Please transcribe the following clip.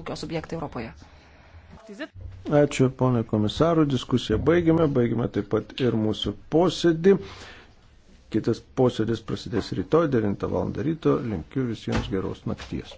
ūkio subjektai Europoje. Ačiū, ponė komisarų, diskusiją baigime, baigime taip pat ir mūsų posėdį. Kitas posėdis prasidės rytoj 9 val. ryto. Linkiu visiems geros nakties.